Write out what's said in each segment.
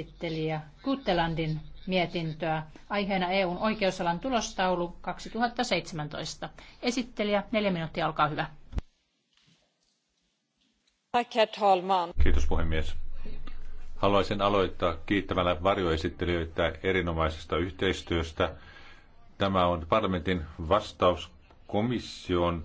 esittelijä Kuttelandin mietintöä aiheena EUn oikeusalan tulostaulu 2017. Esittelijä, neljä minuuttia, olkaa hyvä. Kiitos puhemies. Haluaisin aloittaa kiittämällä varjoesittelijöitä erinomaisesta yhteistyöstä. Tämä on parlamentin vastaus komission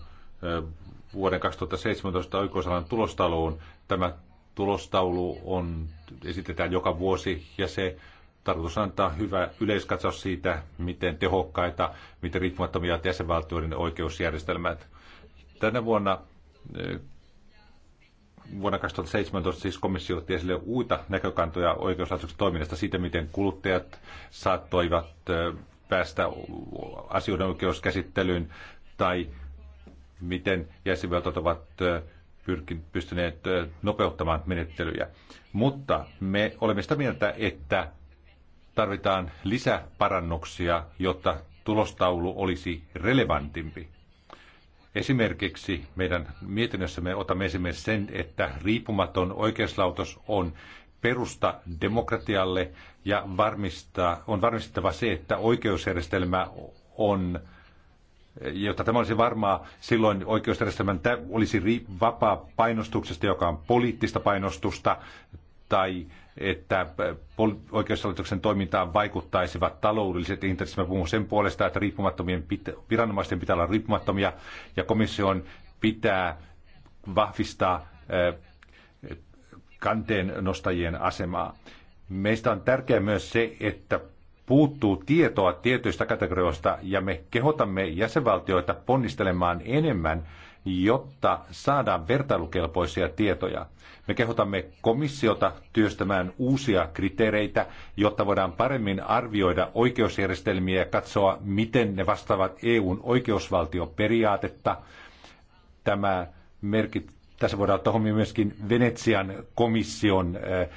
vuoden 2017 oikeusalan tulostaluun. Tämä tulostaulu on, esitetään joka vuosi ja se tarkoitus antaa hyvä yleiskatsaus siitä, miten tehokkaita, miten riippumattomia jäsenvaltioiden oikeusjärjestelmät. Tänä vuonna eh, vuonna 2017 siis komissio otti esille uita näkökantoja oikeuslaitoksen toiminnasta siitä, miten kuluttajat saattoivat eh, päästä asioiden oikeuskäsittelyyn tai miten jäsenvaltiot ovat eh, pystyneet nopeuttamaan menettelyjä. Mutta me olemme sitä mieltä, että tarvitaan lisäparannuksia, jotta tulostaulu olisi relevantimpi. Esimerkiksi meidän mietinnössämme otamme esimerkiksi sen, että riippumaton oikeuslautos on perusta demokratialle ja varmistaa, on varmistettava se, että oikeusjärjestelmä on Jotta tämä olisi varmaa, silloin oikeusjärjestelmän olisi vapaa painostuksesta, joka on poliittista painostusta, tai että äh, oikeushallituksen toimintaan vaikuttaisivat taloudelliset intressit. Mä puhun sen puolesta, että riippumattomien pitä, viranomaisten pitää olla riippumattomia, ja komission pitää vahvistaa äh, kanteen nostajien asemaa. Meistä on tärkeää myös se, että puuttuu tietoa tietyistä kategorioista ja me kehotamme jäsenvaltioita ponnistelemaan enemmän, jotta saadaan vertailukelpoisia tietoja. Me kehotamme komissiota työstämään uusia kriteereitä, jotta voidaan paremmin arvioida oikeusjärjestelmiä ja katsoa, miten ne vastaavat EUn oikeusvaltioperiaatetta. Tämä merkit, tässä voidaan ottaa myöskin Venetsian komission eh,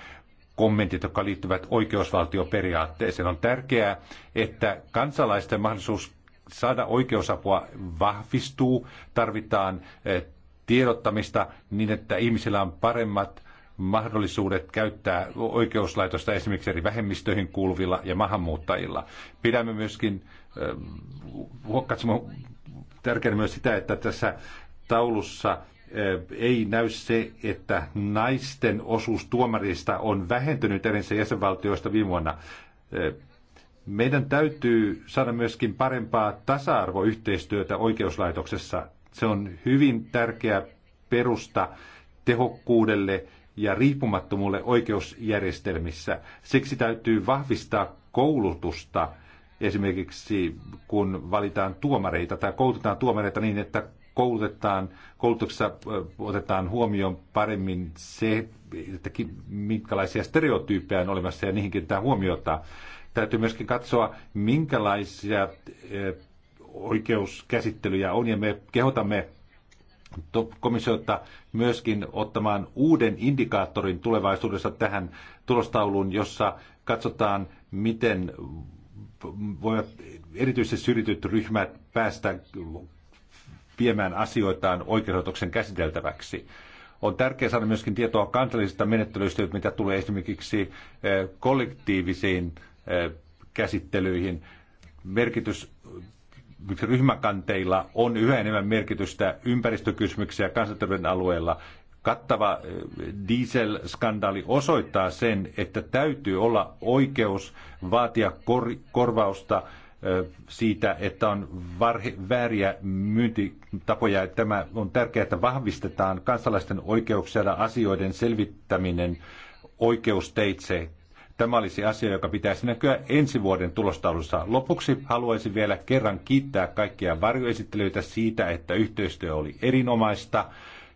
kommentit, jotka liittyvät oikeusvaltioperiaatteeseen. On tärkeää, että kansalaisten mahdollisuus saada oikeusapua vahvistuu, tarvitaan eh, tiedottamista niin, että ihmisillä on paremmat mahdollisuudet käyttää oikeuslaitosta esimerkiksi eri vähemmistöihin kuuluvilla ja maahanmuuttajilla. Pidämme myöskin eh, katsomaan tärkeänä myös sitä, että tässä taulussa ei näy se, että naisten osuus tuomarista on vähentynyt erinsä jäsenvaltioista viime vuonna. Meidän täytyy saada myöskin parempaa tasa-arvoyhteistyötä oikeuslaitoksessa. Se on hyvin tärkeä perusta tehokkuudelle ja riippumattomuudelle oikeusjärjestelmissä. Siksi täytyy vahvistaa koulutusta esimerkiksi kun valitaan tuomareita tai koulutetaan tuomareita niin, että koulutetaan, koulutuksessa otetaan huomioon paremmin se, että minkälaisia stereotyyppejä on olemassa ja niihin kiinnitetään huomiota. Täytyy myöskin katsoa, minkälaisia oikeuskäsittelyjä on ja me kehotamme komissiota myöskin ottamaan uuden indikaattorin tulevaisuudessa tähän tulostauluun, jossa katsotaan, miten voivat erityisesti syrjityt ryhmät päästä viemään asioitaan oikeuslaitoksen käsiteltäväksi. On tärkeää saada myöskin tietoa kansallisista menettelyistä, mitä tulee esimerkiksi eh, kollektiivisiin eh, käsittelyihin. Merkitys ryhmäkanteilla on yhä enemmän merkitystä ympäristökysymyksiä kansanterveyden alueella. Kattava eh, dieselskandaali osoittaa sen, että täytyy olla oikeus vaatia kor- korvausta siitä, että on varhi, vääriä myyntitapoja. Tämä on tärkeää, että vahvistetaan kansalaisten oikeuksia ja asioiden selvittäminen oikeusteitse. Tämä olisi asia, joka pitäisi näkyä ensi vuoden tulostaulussa. Lopuksi haluaisin vielä kerran kiittää kaikkia varjoesittelyitä siitä, että yhteistyö oli erinomaista.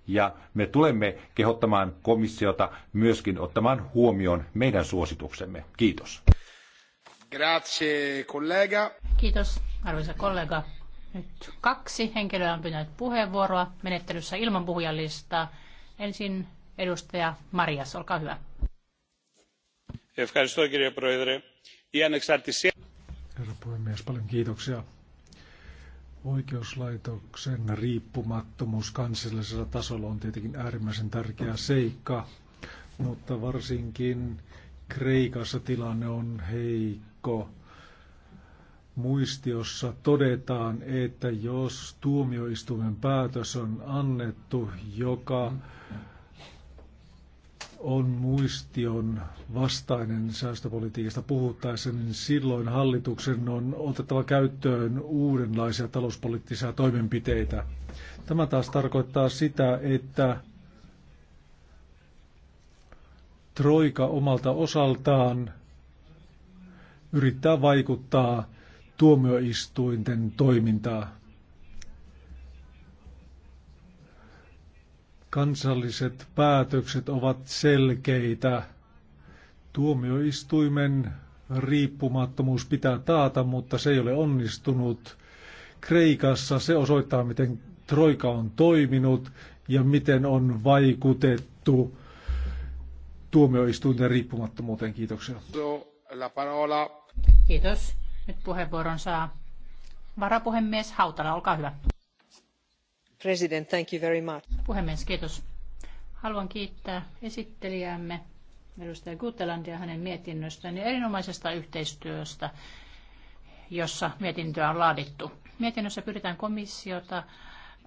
Ja me tulemme kehottamaan komissiota myöskin ottamaan huomioon meidän suosituksemme. Kiitos. Grazie, kollega. Kiitos, arvoisa kollega. Nyt kaksi henkilöä on pyytänyt puheenvuoroa menettelyssä ilman puhujalistaa. Ensin edustaja Marias, olkaa hyvä. Herra puhemies, paljon kiitoksia. Oikeuslaitoksen riippumattomuus kansallisella tasolla on tietenkin äärimmäisen tärkeä seikka, mutta varsinkin Kreikassa tilanne on heikko sakko muistiossa todetaan, että jos tuomioistuimen päätös on annettu, joka on muistion vastainen säästöpolitiikasta puhuttaessa, niin silloin hallituksen on otettava käyttöön uudenlaisia talouspoliittisia toimenpiteitä. Tämä taas tarkoittaa sitä, että Troika omalta osaltaan yrittää vaikuttaa tuomioistuinten toimintaa. Kansalliset päätökset ovat selkeitä. Tuomioistuimen riippumattomuus pitää taata, mutta se ei ole onnistunut. Kreikassa se osoittaa, miten Troika on toiminut ja miten on vaikutettu tuomioistuinten riippumattomuuteen. Kiitoksia. So, la parola. Kiitos. Nyt puheenvuoron saa varapuhemies Hautala, olkaa hyvä. President, thank you very much. Puhemies, kiitos. Haluan kiittää esittelijäämme edustaja Gutelandia hänen mietinnöstään ja erinomaisesta yhteistyöstä, jossa mietintöä on laadittu. Mietinnössä pyritään komissiota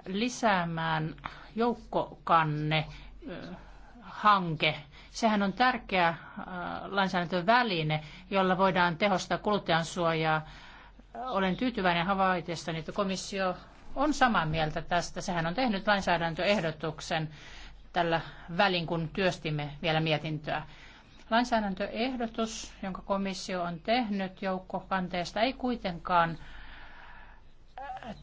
lisäämään joukkokanne hanke. Sehän on tärkeä äh, lainsäädäntöväline, jolla voidaan tehostaa kuluttajansuojaa. Olen tyytyväinen havaitessani, että komissio on samaa mieltä tästä. Sehän on tehnyt lainsäädäntöehdotuksen tällä välin, kun työstimme vielä mietintöä. Lainsäädäntöehdotus, jonka komissio on tehnyt joukkokanteesta, ei kuitenkaan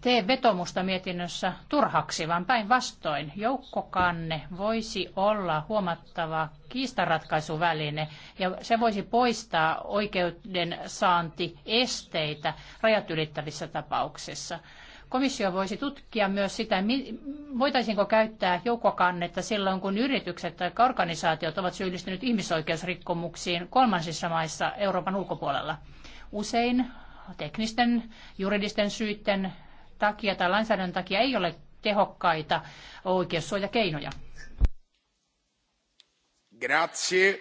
tee vetomusta mietinnössä turhaksi, vaan päinvastoin joukkokanne voisi olla huomattava kiistaratkaisuväline ja se voisi poistaa oikeuden saanti esteitä rajat ylittävissä tapauksissa. Komissio voisi tutkia myös sitä, voitaisiinko käyttää joukkokannetta silloin, kun yritykset tai organisaatiot ovat syyllistyneet ihmisoikeusrikkomuksiin kolmansissa maissa Euroopan ulkopuolella. Usein teknisten juridisten syiden takia tai lainsäädännön takia ei ole tehokkaita oikeussuojakeinoja. Grazie.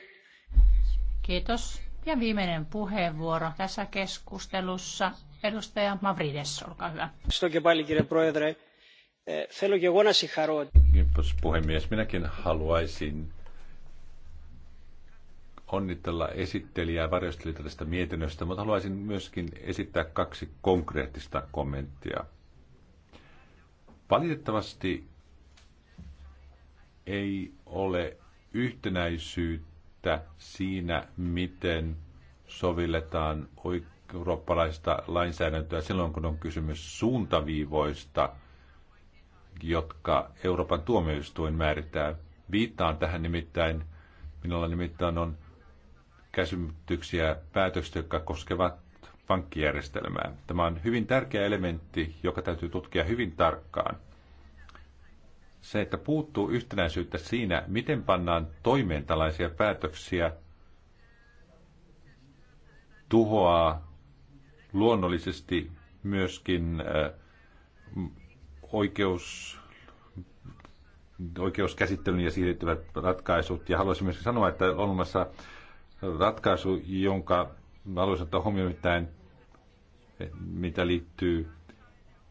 Kiitos. Ja viimeinen puheenvuoro tässä keskustelussa. Edustaja Mavrides, olkaa hyvä. Kiitos puhemies. Minäkin haluaisin onnitella esittelijää varjostelijaa tästä mietinnöstä, mutta haluaisin myöskin esittää kaksi konkreettista kommenttia. Valitettavasti ei ole yhtenäisyyttä siinä, miten sovelletaan eurooppalaista lainsäädäntöä silloin, kun on kysymys suuntaviivoista, jotka Euroopan tuomioistuin määrittää. Viittaan tähän nimittäin, minulla nimittäin on ja päätöksiä, jotka koskevat pankkijärjestelmää. Tämä on hyvin tärkeä elementti, joka täytyy tutkia hyvin tarkkaan. Se, että puuttuu yhtenäisyyttä siinä, miten pannaan toimeen tällaisia päätöksiä, tuhoaa luonnollisesti myöskin äh, oikeus, oikeuskäsittelyn ja siirrettävät ratkaisut. Ja haluaisin myös sanoa, että on olemassa ratkaisu, jonka mä haluaisin ottaa huomioon mitä liittyy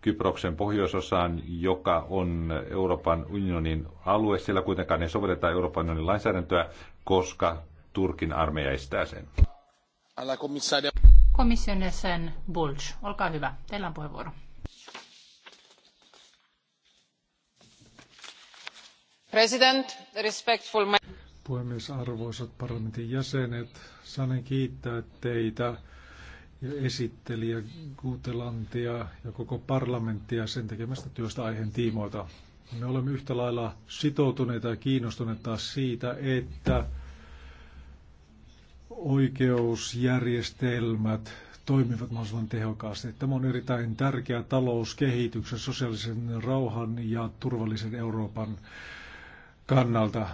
Kyproksen pohjoisosaan, joka on Euroopan unionin alue. Siellä kuitenkaan ei sovelleta Euroopan unionin lainsäädäntöä, koska Turkin armeija estää sen. Komission jäsen Bulge, olkaa hyvä. Teillä on puheenvuoro. President, respectful puhemies, arvoisat parlamentin jäsenet. Sanen kiittää teitä ja esittelijä Guutelantia ja koko parlamenttia sen tekemästä työstä aiheen tiimoilta. Me olemme yhtä lailla sitoutuneita ja kiinnostuneita siitä, että oikeusjärjestelmät toimivat mahdollisimman tehokkaasti. Tämä on erittäin tärkeä talouskehityksen, sosiaalisen rauhan ja turvallisen Euroopan kannalta.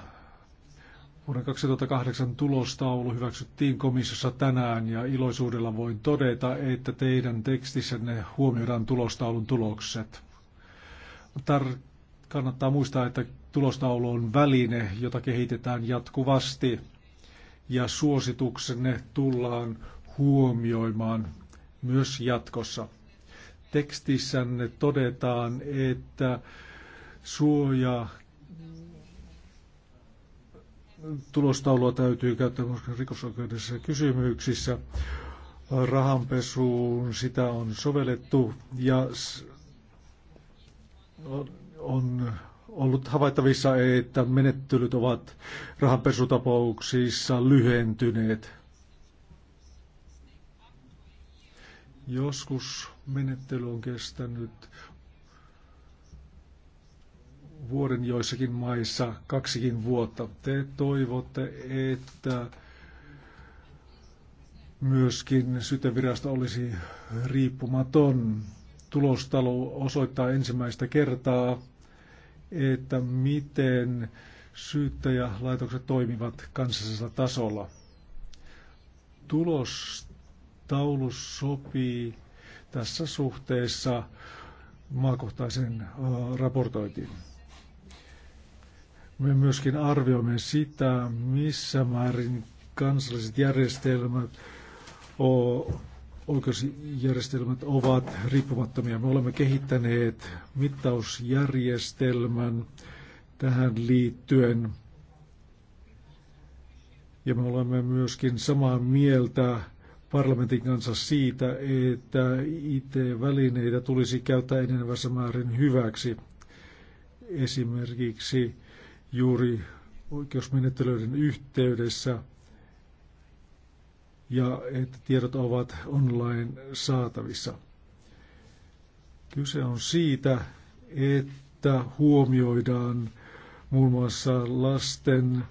Vuoden 2008 tulostaulu hyväksyttiin komissiossa tänään ja iloisuudella voin todeta, että teidän tekstissänne huomioidaan tulostaulun tulokset. Tar- kannattaa muistaa, että tulostaulu on väline, jota kehitetään jatkuvasti ja suosituksenne tullaan huomioimaan myös jatkossa. Tekstissänne todetaan, että suoja tulostaulua täytyy käyttää myös rikosoikeudellisissa kysymyksissä. Rahanpesuun sitä on sovellettu ja on ollut havaittavissa, että menettelyt ovat rahanpesutapauksissa lyhentyneet. Joskus menettely on kestänyt vuoden joissakin maissa kaksikin vuotta. Te toivotte, että myöskin sytevirasto olisi riippumaton. Tulostalo osoittaa ensimmäistä kertaa, että miten syyttäjälaitokset toimivat kansallisella tasolla. Tulostaulu sopii tässä suhteessa maakohtaisen raportointiin. Me myöskin arvioimme sitä, missä määrin kansalliset järjestelmät, oikeusjärjestelmät ovat riippumattomia. Me olemme kehittäneet mittausjärjestelmän tähän liittyen. Ja me olemme myöskin samaa mieltä parlamentin kanssa siitä, että IT-välineitä tulisi käyttää enenevässä määrin hyväksi. Esimerkiksi juuri oikeusmenettelyiden yhteydessä ja että tiedot ovat online saatavissa. Kyse on siitä, että huomioidaan muun muassa lasten,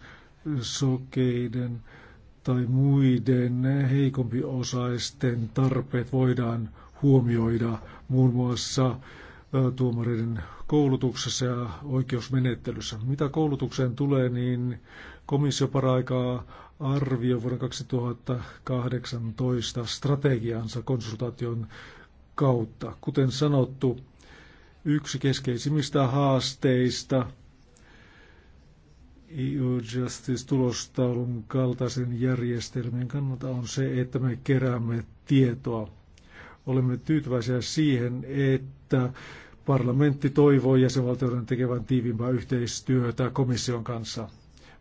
sokeiden tai muiden heikompi-osaisten tarpeet voidaan huomioida muun muassa tuomareiden koulutuksessa ja oikeusmenettelyssä. Mitä koulutukseen tulee, niin komissio paraikaa arvioi vuoden 2018 strategiansa konsultaation kautta. Kuten sanottu, yksi keskeisimmistä haasteista EU Justice-tulostaulun kaltaisen järjestelmien kannalta on se, että me keräämme tietoa. Olemme tyytyväisiä siihen, että Parlamentti toivoo jäsenvaltioiden tekevän tiiviimpää yhteistyötä komission kanssa.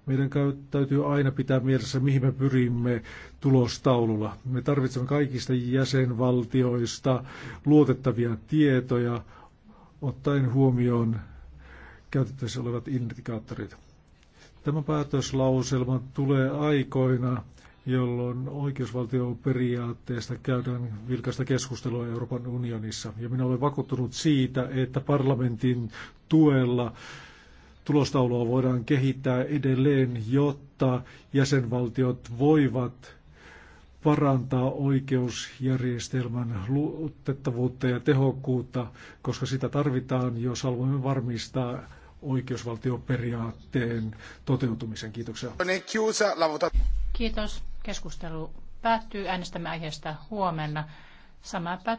Meidän täytyy aina pitää mielessä, mihin me pyrimme tulostaululla. Me tarvitsemme kaikista jäsenvaltioista luotettavia tietoja, ottaen huomioon käytettävissä olevat indikaattorit. Tämä päätöslauselma tulee aikoina, jolloin oikeusvaltioperiaatteesta käydään vilkasta keskustelua Euroopan unionissa. Ja minä olen vakuuttunut siitä, että parlamentin tuella tulostaulua voidaan kehittää edelleen, jotta jäsenvaltiot voivat parantaa oikeusjärjestelmän luotettavuutta ja tehokkuutta, koska sitä tarvitaan, jos haluamme varmistaa oikeusvaltioperiaatteen toteutumisen. Kiitoksia. Kiitos. Keskustelu päättyy. Äänestämme aiheesta huomenna. Sama päättyy.